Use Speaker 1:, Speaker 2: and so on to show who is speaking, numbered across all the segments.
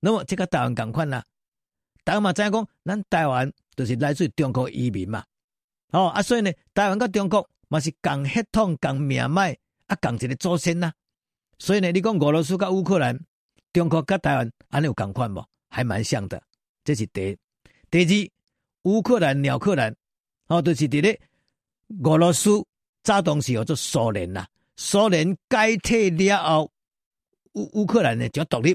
Speaker 1: 那麼即係台灣咁款啦。台灣嘛，知影講，咱台灣就是來自中國移民嘛。哦，啊，所以呢，台灣跟中國嘛是共血統、共命脈，啊，共一個祖先啦、啊。所以呢，你講俄羅斯跟烏克蘭、中國跟台灣，安有咁款冇？還蠻像的。這是第一。第二，烏克蘭、鳥、就是、烏，烏克蘭，哦，就是啲咧俄羅斯早當時叫做蘇聯啦，蘇聯解體了後，烏烏克蘭呢就獨立。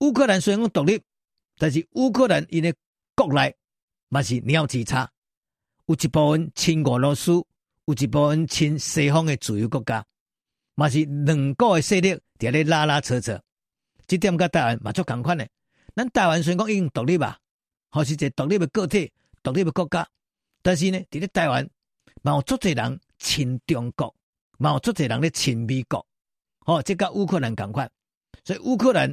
Speaker 1: 烏克蘭雖然講獨立，但是烏克蘭伊嘅國內嘛是尿質差，有一部分親俄羅斯，有一部分親西方嘅自由國家，嘛是兩國嘅勢力佇咧拉拉扯扯。這點甲台灣嘛足共款嘅，咱台灣雖然講已經獨立吧，好是一個獨立嘅個體、獨立嘅國家，但是呢，佇咧台灣嘛有足儕人親中國，嘛有足儕人咧親美國，吼、哦，即甲烏克蘭共款，所以烏克蘭。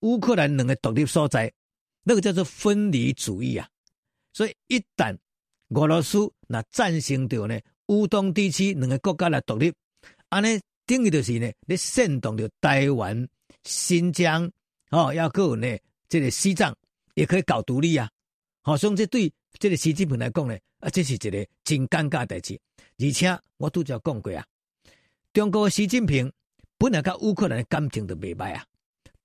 Speaker 1: 烏克蘭兩個獨立所在，那個叫做分離主義啊。所以一旦俄羅斯那戰勝掉呢，烏東地區兩個國家來獨立，安尼等於就是呢，你煽動着台灣、新疆，哦，也擱有呢，這個西藏也可以搞獨立啊。哦，好像這對這個習近平來講呢，啊，這是一個真尷尬嘅代誌。而且我拄則講過啊，中國嘅習近平本來甲烏克蘭嘅感情都未歹啊。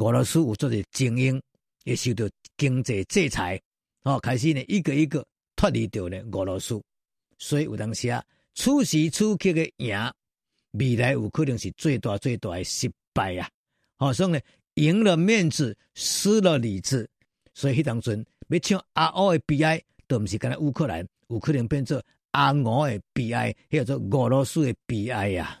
Speaker 1: 俄羅斯有作是精英，會受到經濟制裁，哦，開始呢一個一個脫離掉呢俄羅斯，所以有當時啊，此時此刻嘅贏，未來有可能是最大最大嘅失敗啊。好，所以贏了面子，失了裏子，所以迄當陣要像阿烏的悲哀，都唔係幹那烏克蘭，有可能變作阿俄的悲哀，叫做俄羅斯的悲哀啊。